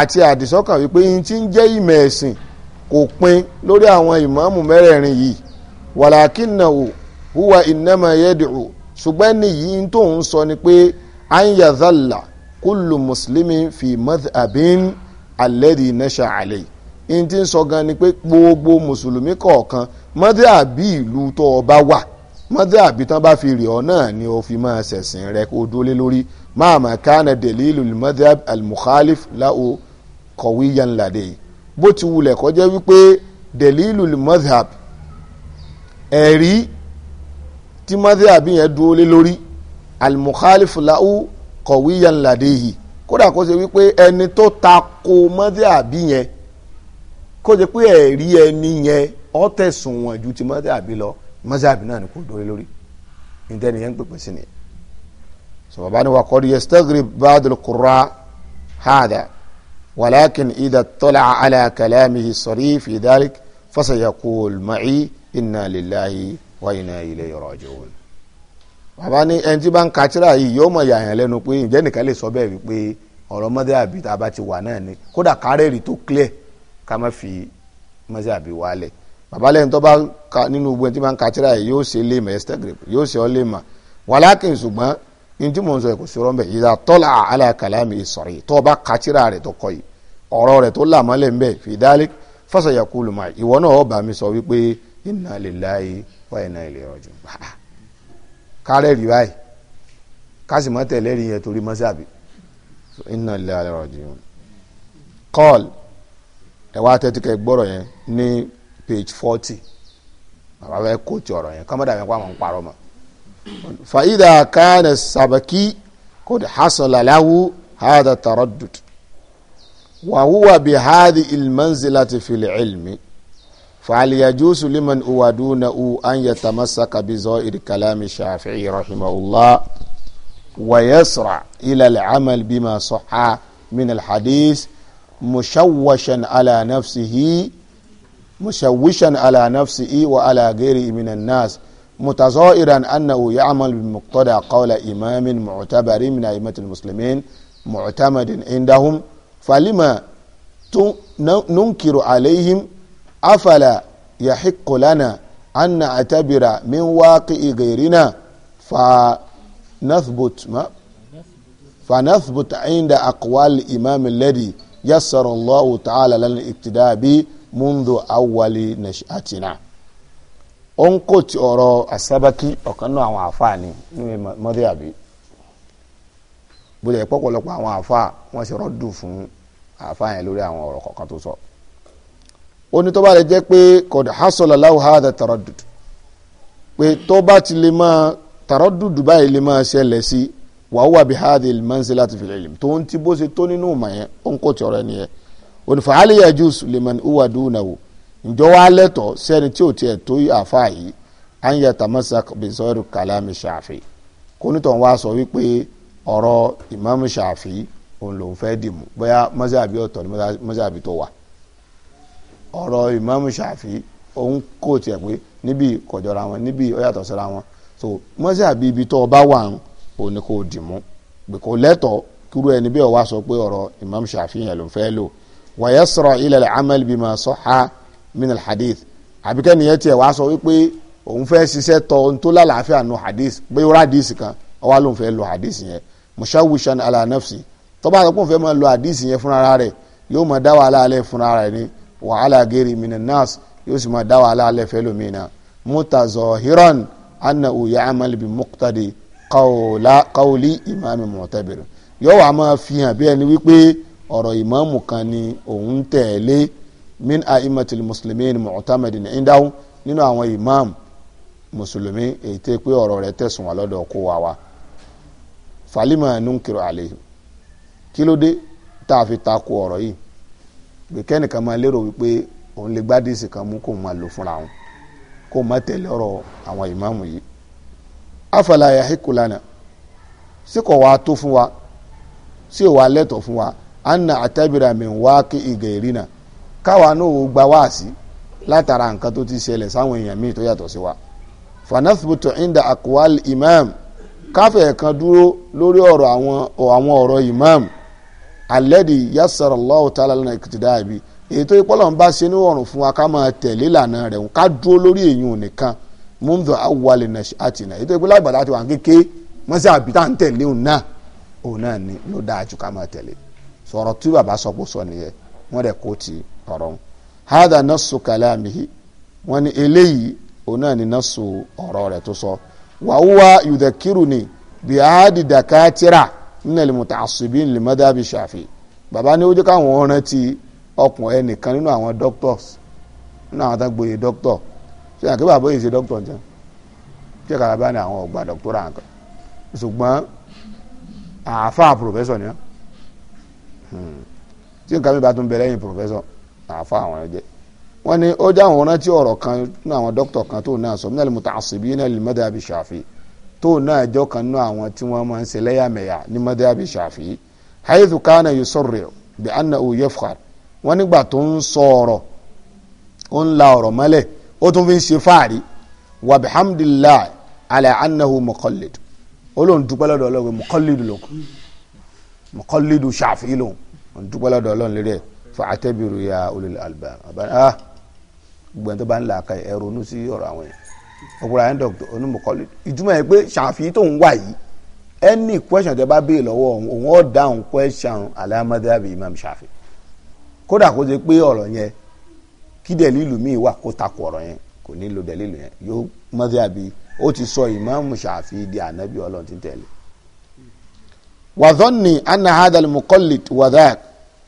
àti àdìsọ́kàn wípé n ti ń jẹ́ ìmọ̀ kò pin lórí àwọn ìmáàmù mẹ́rẹ̀ẹ̀rin yìí wàlàkínàwó huwa ìnáma yẹ́dìrò ṣùgbọ́n ní yìí tó ń sọ ni pé anyazala kúlù mùsùlùmí fi madhabin alẹ́dì nẹ́ṣà àlẹ́ yìí ti ń sọ gan ni pé gbogbo mùsùlùmí kọ̀ọ̀kan madhabi ìlú tó o bá wà madhabi tán bá fi rè ọ́ náà ni o fi máa ṣẹ̀sìn rẹ kó dúró lé lórí máàmá kánà delilu madhab al láwo kọ̀wé yanlade yìí bó ti wulẹ̀ kó jẹ́ wípé delilul madhab ẹ̀rí tí madhab yẹn dúró lé lórí al-mukhalifu lahu qawiyan ladehi kódà kó ṣe wípé ẹni tó ta ko madhab yẹn kó ṣe pé ẹ̀rí ẹni yẹn ó tẹ̀sùn wọn ju ti madhab lọ madhab náà ni kò dúró lé lórí ní tẹ́ni yẹn ń pèpè sí ni sọ bàbá ni wà kọ́ di yastagrib ba'd al-qurra hada. ولكن إذا اطلع على كلامه الصريح في ذلك فسيقول معي إنا لله وإنا إليه راجعون bàbá ní ẹni bá ń ka yìí yóò mọ̀ yàyàn lẹ́nu pé ǹjẹ́ nìkan lè sọ bẹ́ẹ̀ wípé ọ̀rọ̀ mọ́dàbí tá a bá ti wà náà ni kódà kárẹ́rì tó clear ká má fi mọ́dàbí wálẹ̀ bàbá lẹ́yìn tó bá nínú gbogbo ẹni bá ń ka yìí yóò ṣe lè mọ̀ ẹ́sítẹ́gìrì yóò ṣe ọ́ lè mọ̀ wàlákìn ṣùgbọ́n ní tí mò ń sọ yẹ kò sí rọ́ńbẹ́ ìdá tọ́lá àlà kàlámì sọ̀rọ̀ tó bá kàtírà rẹ̀ tó kọ́ yìí ọ̀rọ̀ rẹ̀ tó là mọ́lẹ̀ ń bẹ̀ fìdálẹ́ fásayàkú lùmọ̀ ìwọ náà ọba mi sọ wípé inna lillahi wa inna ilayhi raji'un gbàgbà kárẹ̀ rí báyìí kásì mọ́ tẹ̀lé rí yẹn torí mọ́sàbí inna lillahi wa inna ilayhi raji'un kọ́ọ̀l wá tẹ́tí kẹ́ gbọ́rọ̀ yẹn ní page forty bàbá fẹ́ kóòtù ọ̀rọ̀ yẹn kọ́mọ́dà mi pa àwọn ń parọ́ mọ́ فإذا كان السبكي قد حصل له هذا التردد وهو بهذه المنزلة في العلم فهل يجوز لمن هو دونه أن يتمسك بزائر كلام الشافعي رحمه الله ويسرع إلى العمل بما صح من الحديث مشوشا على نفسه مشوشا على نفسه وعلى غيره من الناس متظاهرا أنه يعمل بمقتضى قول إمام معتبر من أئمة المسلمين معتمد عندهم فلما ننكر عليهم أفلا يحق لنا أن نعتبر من واقع غيرنا فنثبت ما فنثبت عند أقوال الإمام الذي يسر الله تعالى لنا الابتداء به منذ أول نشأتنا ó ń kò tí ọ̀rọ̀ àsábákí ọ̀kan náà àwọn àfáà ni níbi mọ́dé àbí bóyá ìpọ́pọ̀lọpọ̀ àwọn àfáà wọ́n ṣe rọ́dù fún àfáà yẹn lórí àwọn ọ̀rọ̀ kọ̀ọ̀kan tó sọ. ó ní tó bá lè jẹ́ pé kod hasola lahu hadha taraddud pé tó bá ti lè máa taraddud báyìí lè máa ṣẹlẹ̀ sí wa huwa bi hadhi al-manzilati fil ilm tó ń ti bó ṣe tó nínú ìmọ̀ yẹn ó ń kò tí ọ̀rọ̀ ǹjọ́ wa lẹ́tọ̀ọ́ sẹ́ni tí ò tiẹ̀ tó àfa yìí à ń tamasak bisọ́rù kàlámì ṣàfi kónítàn wa sọ wípé ọ̀rọ̀ ìmáàmù ṣàfi òun lòún fẹ́ dìmú bóyá mọ́sàbí ọ̀tọ̀ ni mọ́sàbí tó wà ọ̀rọ̀ ìmáàmù ṣàfi òun kò tiẹ̀ pé níbi kọjọra wọn níbi ó yàtọ̀ wọn so mọ́sàbí ibi tó ọba wà ń òun ni kò dìmú pé kò lẹ́tọ̀ọ́ kúrú ẹni bí ó wá sọ pé ọ̀rọ̀ ìmáàmù ṣàfi yẹn lòún fẹ́ lò wàyẹ́sọ̀rọ̀ ilẹ̀ amẹ́lì bímọ sọ́ha. So, minal hadith àbíkẹ́ nìyẹn tiẹ̀ wá sọ wípé òun fẹ́ ṣiṣẹ́ tọ ohun tó lálàáfíà nu hadith bóyá ọ̀rọ̀ hadith kan ọwọ́ ló ń fẹ́ lo hadith yẹn mushawishan ala nafsi tó bá àtọ́kùn fẹ́ máa lo hadith yẹn fúnra rẹ̀ yóò máa dá wàhálà alẹ́ fúnra rẹ̀ ni wàhálà gẹ́rì minan nas yóò sì máa dá wàhálà alẹ́ fẹ́ lómìnira mutazohiran anna uya amali bi muqtadi qawli imaami mu'tabir yóò wá máa fi bí ẹni wípé ọ̀rọ̀ ìmáàmù kan ni òun tẹ̀lé min aimatil muslimin mu'tamadin indahum nínú àwọn imam mùsùlùmí èyí tẹ́ pé ọ̀rọ̀ rẹ̀ tẹ̀sùn wá lọ́dọ̀ kó wa wa falima nunkiru alayhim kí ló dé tá a fi ta ko ọ̀rọ̀ yìí pé kẹ́nìkan máa lérò wípé òun lè gbádìsì kan mú kó máa lò fúnra wọn kó má tẹ̀lé ọ̀rọ̀ àwọn ìmáàmù yìí afala yahiqu lana sí kò wá tó fún wa sí ò wá lẹ́tọ̀ wa anna atabira min waqi igairina káwa náà ò gba wáàsí látara nǹkan tó ti ṣẹlẹ̀ sáwọn èèyàn míì tó yàtọ̀ sí wa fanathbutu inda akwal imam káfẹ́ kan dúró lórí ọ̀rọ̀ àwọn àwọn ọ̀rọ̀ imam alẹ́dì yasara allahu ta'ala lana iqtidaa bi ètò ìpọ́lọ̀ ń bá ṣe ní ọ̀rùn fún wa ká máa tẹ̀lé ìlànà rẹ̀ ká dúró lórí èyí ò nìkan mundu awwal nash'atina ètò ìpínlẹ̀ àgbàdo àti wọn kéke mọ́sí àbítà ń tẹ̀lé òun náà òun náà ni ló dáa ju ká máa tẹ̀lé sọ̀rọ̀ tí bàbá sọ pé sọ nìyẹn wọ́n rẹ̀ kó tì í ọ̀rọ̀ wọn hada nasu kalamihi wọn ni eléyìí òun náà ni nasu ọ̀rọ̀ rẹ̀ tó sọ wàhùwà yudakiruni bi ahadi dakatira nílẹ̀ mùtàṣíbí nílẹ̀ mọ́dábì ṣàfi bàbá ní ó jẹ́ káwọn rántí ọkùn ẹnìkan nínú àwọn doctors nínú àwọn àtàgbòye doctor ṣé àkébà bàbá yìí ṣe doctor jẹun ṣé kàlábà ní àwọn ọgbà doctor àǹkan ṣùgbọ́n àáfàá professor ni wọ́n ṣé hmm. nǹkan mi bá tún bẹ lẹ́yìn professor àfa àwọn ẹ̀jẹ̀ wọ́n ní ó dáhùn wọn rántí ọ̀rọ̀ kan nínú àwọn dókítà kan tó náà sọ minal muta'assibina lil madhhabi shafi tó náà jọ kan nínú àwọn tí wọ́n máa ń ṣe lẹ́yàmẹ̀yà ní madhhabi shafi haythu kana yusorri'u bi annahu yafkhar wọ́n nígbà tó ń sọ ọ̀rọ̀ ó ń la ọ̀rọ̀ mọ́lẹ̀ ó tún fi ń ṣe fáàrí wa bihamdillahi ala annahu muqallid olóhùn dúpẹ́ lọ́dọ̀ ọlọ́run mọ̀kọ́lìdù lòkù mọ̀kọ́lìdù ṣàfihàn lòhùn fa'tabiru ya ulil albab àbáni ah gbogbo ẹni tó bá ń là ká ẹ ronú sí ọ̀rọ̀ àwọn yẹn ọkùnrin àyẹn dọ̀tọ̀ onímọ̀kọ́lé ìtumọ̀ yẹn pé ṣàfihàn tó ń wà yìí any question tẹ bá béè lọ́wọ́ òun ọ̀ dáhùn question alámọ́dábì imam ṣàfi kódà kó ṣe pé ọ̀rọ̀ yẹn kí dẹ̀lílù míì wà kó takò ọ̀rọ̀ yẹn kò ní lo dẹ̀lílù yẹn yóò mọ́dábì ó ti sọ imam ṣàfi di ànábì ọlọ́run ti tẹ̀lé. wàzọ́nì anahadal mukọ́lì wàdák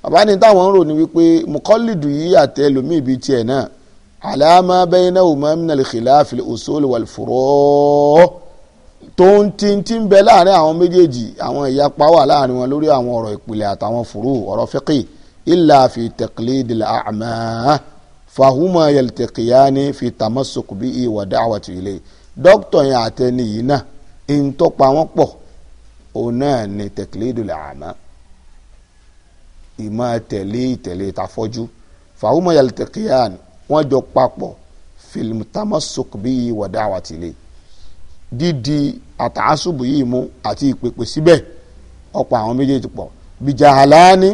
bàbá ní táwọn ń rò ní wípé mukọ́lìdù yìí àtẹ lómìn ibi tiẹ̀ náà àlàámá bẹ́yìn náà wùmọ́ minal khilaf fil usul wal furu' tó ń ti ti ń bẹ láàrin àwọn méjèèjì àwọn ìyapa wà láàrin wọn lórí àwọn ọ̀rọ̀ ìpìlẹ̀ àtàwọn furu' ọ̀rọ̀ fiqi illa fi taqlidil a'ma fahuma yaltaqiyani fi tamassuk bihi wa da'wati ilayhi dókítà yẹn àtẹniyìí náà ń òun náà ni taqlidil a'ma ìmọ̀ tẹ̀lé ìtẹ̀lé ìtafọ́jú fàwọn yaltaqiyan wọ́n jọ papọ̀ fil tamassuk bíi wa da'wati li dídi àtàásùbù yìí mú àti ìpèpè síbẹ̀ ọ̀pọ̀ àwọn méjèèjì pọ̀ bijahalani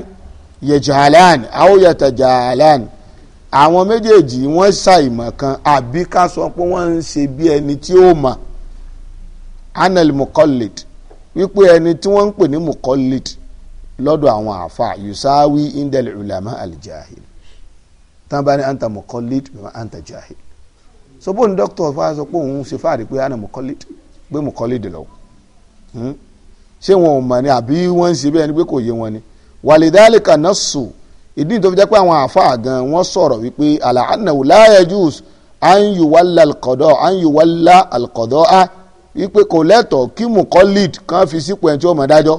yejahalani aw yatajahalani àwọn méjèèjì wọ́n ṣàìmọ̀ kan àbí ká sọ pé wọ́n ń ṣe bí ẹni tí ó mọ̀ anal mukallid wípé ẹni tí wọ́n ń pè ní mukallid lọ́dọ̀ àwọn àfa yusawi indal ulama aljahil tán bá ní anta mukallid bí wọn anta jahil so bóun dókítà fa sọ pé òun ṣe fáàrí pé ana mukallid pé mukallid lọ hmm? ṣé wọn ò mọ̀ ni àbí wọ́n ń ṣe bẹ́ẹ̀ ni pé kò yé wọn ni walidhalika nassu ìdí tó fi jẹ́ pé àwọn àfa gan wọ́n sọ̀rọ̀ wípé alahanahu la yajuz an yuwalla alqada an á wípé kò lẹ́tọ̀ọ́ kí mukallid kan fi sípò ẹni tí ó mọ̀ dájọ́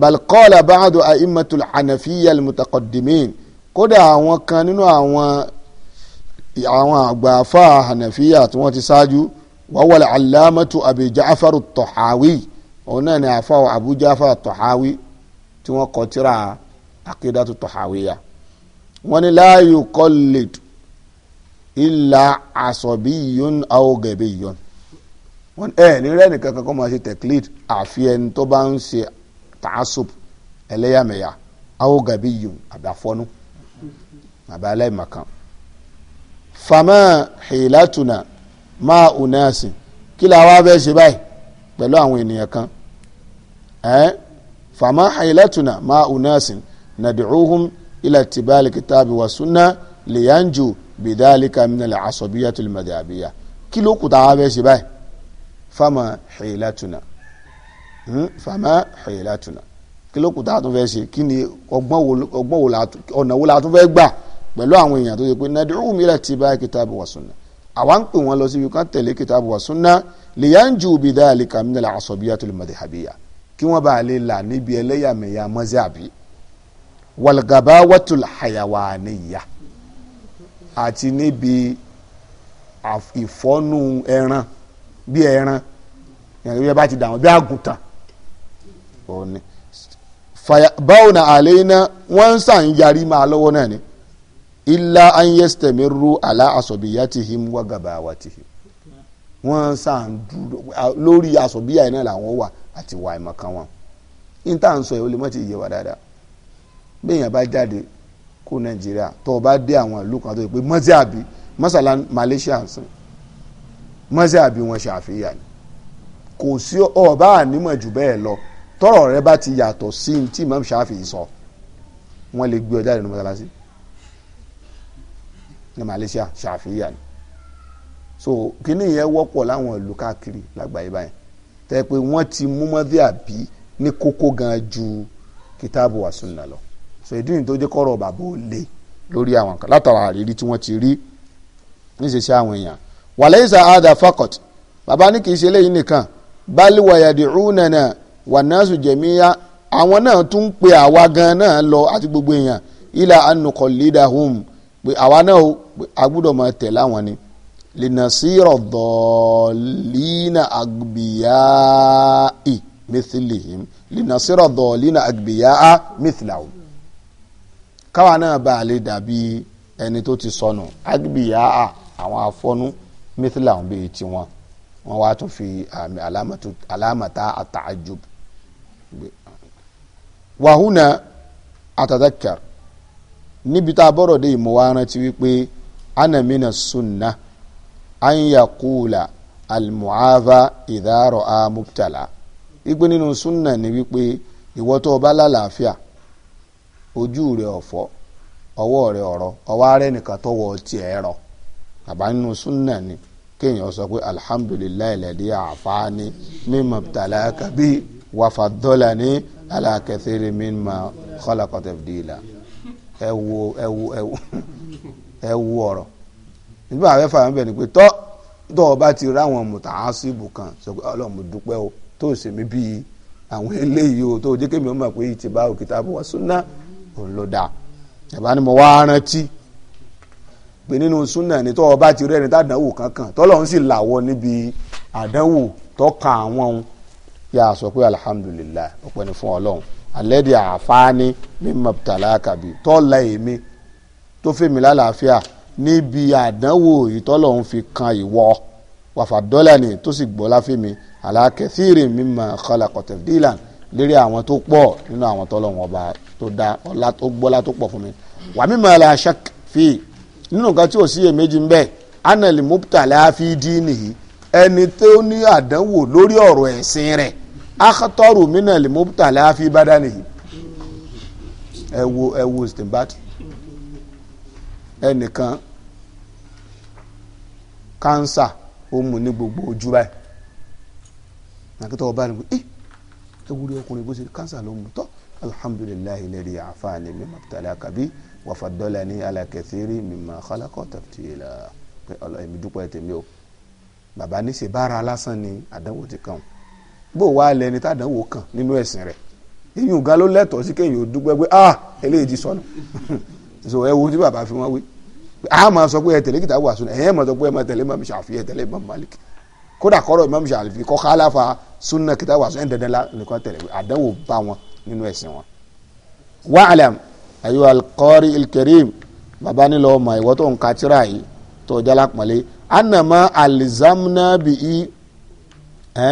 balqọ́lá báàdù àìmọ̀tò ànàfíyà mùtàkọ̀dìmín kódà àwọn kan nínú àwọn àwọn àgbààfà ànàfíyà tí wọ́n ti ṣáájú wàwọ̀lẹ̀ alámọ̀tò àbíjáfàrù tọ̀háwì òun náà ni àfà àbújáfà tọ̀háwì tí wọ́n kọ tírà àkídàtú tọ̀háwìyà wọ́n ní láàyò kọ́lẹ̀d ìlà àsọ̀bíyún àwògẹ̀bíyún wọ́n ẹ̀ ní rẹ́nìkan kankan máa ṣe tẹ̀klid àfi tó bá ń ṣe taasub ẹlẹ́yàmẹ̀yà awo gabi yun àdàfọ́nú àbá aláìmọ̀kan fama hilatuna máa unasi kí la wá bẹ́ẹ̀ ṣe báyìí pẹ̀lú àwọn ènìyàn kan ẹ́ fama hilatuna máa unasi nad'uhum ila tibali kitabi wa sunna liyanju bidalika minala asobiyatul madabiya kí ló kù tá a wá fama hilatuna fàmà ọ̀yẹ̀lá tùnà kí ló kù tá a tún fẹ́ ṣe kí ni ọgbọ́n wo ọgbọ́n wo ọ̀nà wo la tún fẹ́ gbà pẹ̀lú àwọn èèyàn tó ṣe pé nàdúró mi láti bá kìtàbù wà súnà àwa ń pè wọn lọ síbi kan tẹ̀lé kìtàbù wà súnà lìyànjú bí dáàlì kàmínàlà àsọ̀bíyà tó lè mọ̀dẹ̀ àbíyà kí wọ́n bá lè là níbi ẹlẹ́yàmẹ̀yà mọ́sẹ̀ àbí wàlgàbá wàtul àyàwá níyà àti níbi ìfọ́nù ẹran bí ẹran òun ni báwo na àlẹ́ iná wọ́n ń sàn yarí máa lọ́wọ́ náà ni ilá anyẹ́sítẹ̀mí ru àlá àsọ̀bìyá ti him wá gàbà wá ti him wọ́n sàn dúró lórí àsọ̀bìyá iná làwọn wà àti wà ìmọ̀ kan wọn níta ń sọ yìí ó lè mọ̀ ti yé wa dáadáa bẹ́ẹ̀yàn bá jáde kó nàìjíríà tó o bá dé àwọn ìlú kan tó yẹ pé mọ́sí àbí mọ́sálà malaysia ń sìn mọ́sí àbí wọn ṣàfihàn kò sí ọ̀ọ́bá ànímọ̀ jù bẹ́ẹ̀ lọ tọ́rọ̀ rẹ bá ti yàtọ̀ sí ní tí imam shafi sọ wọ́n lè gbé ọ jáde ní mọ́sálásí ní malaysia shafi yà ni so kíní yẹn wọ́pọ̀ láwọn ìlú káàkiri lágbàáyé báyìí tẹ́ pé wọ́n ti mú mọ́dé àbí ní kókó gan ju kitabu wa sunna lọ so ìdí nìyí tó jẹ́ kọ́rọ̀ bàbá ò le lórí àwọn kan látara àrírí tí wọ́n ti rí níṣẹ́ṣẹ́ àwọn èèyàn wàlẹ́yìn sàádà fakọ̀t bàbá ní kì í ṣe eléyìí nìkan báliwàyàdì rúnana wànásù jẹ̀míyá àwọn náà tún ń pe àwa gan náà lọ àti gbogbo èèyàn ilà anukọ̀ lídà hum pé àwa náà o a gbọ́dọ̀ máa tẹ̀ láwọn ni linasirọ̀ dọ̀ọ́lìnà àgbìyáì mithlihim linasirọ̀ dọ̀ọ́lìnà àgbìyáà mithlahum káwa náà bá a lè dàbí ẹni tó ti sọnù àgbìyáà àwọn afọ́nú mithlahum bíi tiwọn wọn wá tún fi àmì alámàtà wàhùnà àtàtàkàr níbi tá a bọ̀rọ̀ dé ìmọ̀ wa rántí wípé anamina sunna an yakula almu'afa idaro a mubtala wípé nínú sunna ni wípé ìwọ tó o bá lálàáfíà ojú rẹ ọ̀fọ́ ọwọ́ rẹ ọ̀rọ̀ ọwọ́ arẹ nìkan tọwọ́ tiẹ̀ rọ àbá nínú sunna ni kéèyàn sọ pé alhamdulilayi lẹ́dí àfáàní mímọ̀ tàlàkà bíi wàfàdọ́làní alákẹ́sẹ̀rẹ̀ mímà kọ́lákọ́tẹ̀fìdìlà ẹ wo ẹ wo ẹ wo ẹ wo ọ̀rọ̀ nígbà àwọn ẹ̀fà bẹ̀ ni pé tọ́ tọ́ ọ bá ti ráwọn mùtàásíbù kan sọ pé ọlọ́mọ dúpẹ́ o tó ṣe mí bíi àwọn eléyìí o tó jẹ́ kémi ọmọ pé ìtìbá kitabu wa sunna òun ló dáa ẹ̀bá ni mo wá rántí pé nínú súnà ni tọ́ bá ti rẹ́ni tàdánwò kankan tọ́lọ́run sì làwọ níbi àdánwò tọ́ka àwọn ohun kí a sọ pé alihamudulilayi ọpẹ́ ni fún Ọlọ́run alẹ́dí àfáàní mímọ tàlákàbí tọ́lá èmi tó fèmí lálàáfíà níbi àdánwò ìtọ́lọ́hún fi kan ìwọ wàfàdọ́là ni tó sì gbọ́lá fèmí alákẹ́sìrì mímọ kọlákọ̀tẹ̀dílà lérí àwọn tó pọ̀ nínú àwọn tọ́lọ́hún ọba tó dá ọlá tó gbọ́lá tó pọ̀ fún mi wà mímọ aláṣà fi nínú nǹkan tí ò sí èméjì ń bẹ anali muptala fi dín nìyí ẹni tó ní àdánwò lórí ọ̀rọ̀ ẹ̀sìn rẹ̀ akhtọrù minal mubtala fi badanihi ẹ wo ẹ wo stimbat ẹnìkan kánsà ó mú ní gbogbo ojú báyìí nàkítọ́ ọba nìgbò ẹ ẹ wúri ọkùnrin bó ṣe kánsà ló mú tọ́ alhamdulilayi lẹ́rí àfààní mímọ́ tàlẹ́ àkàbí wàfàdọ́là ní alákẹ́sẹ́rì mímọ́ kálákọ́ tàbítìlá ọlọ́yẹ̀mí dúpọ̀ ẹ̀ tèmi o bàbá ní ṣe bára lásán ni àdánwò ti kàn ọ́ bó wàá lẹni tàdánwò kàn nínú ẹ̀sìn rẹ̀ èyí ò ga ló lẹ́tọ̀ọ́ sí kéèyàn ò dúpẹ́ pé ah eléyìí ti sọnù so ẹ wo tí bàbá fi wọ́n wí a máa sọ pé ẹ tẹ̀lé kìtà wàásù ẹ̀yẹ́ máa sọ pé ẹ máa tẹ̀lé mọ́mí ṣàfi ẹ tẹ̀lé mọ́mí malik kódà kọ́rọ̀ mọ́mí ṣàfi kọ́ kálàfà súnà kìtà wàásù ẹ̀ dandan la nìkan tẹ̀lé àdánwò bá wọn nínú ẹ̀sìn wọn. wà á lẹ́m ayo alqari ilkerim bàbá nílò ọmọ ìwọ́ tó ń ka tíra yìí tó jálá pọ̀lẹ́ anamá alizamnabi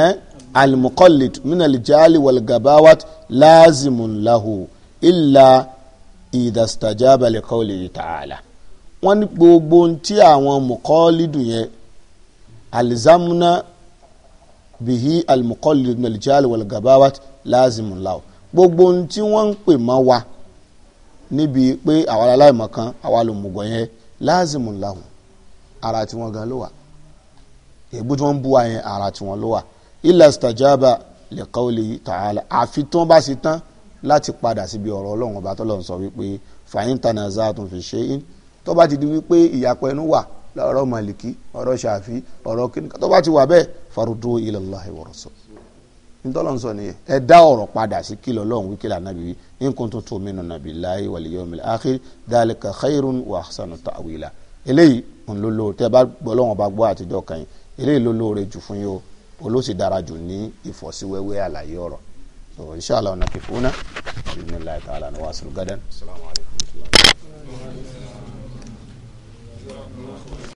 ẹ́ alimukọlid minali jaali waligabawat laazimun lahu illa idastajaba likawli taala wọ́n ní gbogbo tí àwọn mukọlidu yẹn alizamuna bihi alimukọlidu minali jaali waligabawat laazimun lahu gbogbo tí wọ́n ń pè mọ́ wa níbi pé àwa aláìmọ̀ kan àwa lòmùgọ̀ yẹn laazimun lahu ara tiwọn gan ló wà èébú tí wọ́n ń bú wa yẹn ara tiwọn ló wà illa stajaba li qawli ta'ala àfi tí wọ́n bá ṣe tán láti padà síbi ọ̀rọ̀ ọlọ́run ọba tó lọ́n sọ wípé fa in tanaza'tum fi shay'in tó bá ti di wípé ìyàpọ̀ ẹnu wà ọ̀rọ̀ màlìkí ọ̀rọ̀ ṣàfi ọ̀rọ̀ kíníkà tó bá ti wà bẹ́ẹ̀ farudú ila Allahi wa rasul ntọ́lọ́n sọ nìyẹn ẹ dá ọ̀rọ̀ padà sí kìlọ̀ lọ́hùn wíkìlà nàbí wí in kuntum tu'minuna billahi wal yawmil akhir dhalika khairun wa ahsanu ta'wila eléyìí ń lóló tẹ́ bá gbọ́ lọ́wọ́n bá gbọ́ àtijọ́ kan yìí eléyìí lóló rẹ̀ jù fún yìí o olóòsì dára jù ní ìfọ́síwẹ́wẹ́ àlàyé ọ̀rọ̀ so inshallah ọ̀nà kìfúnà ìdílé láìka àlànà wàásù gádẹ́n.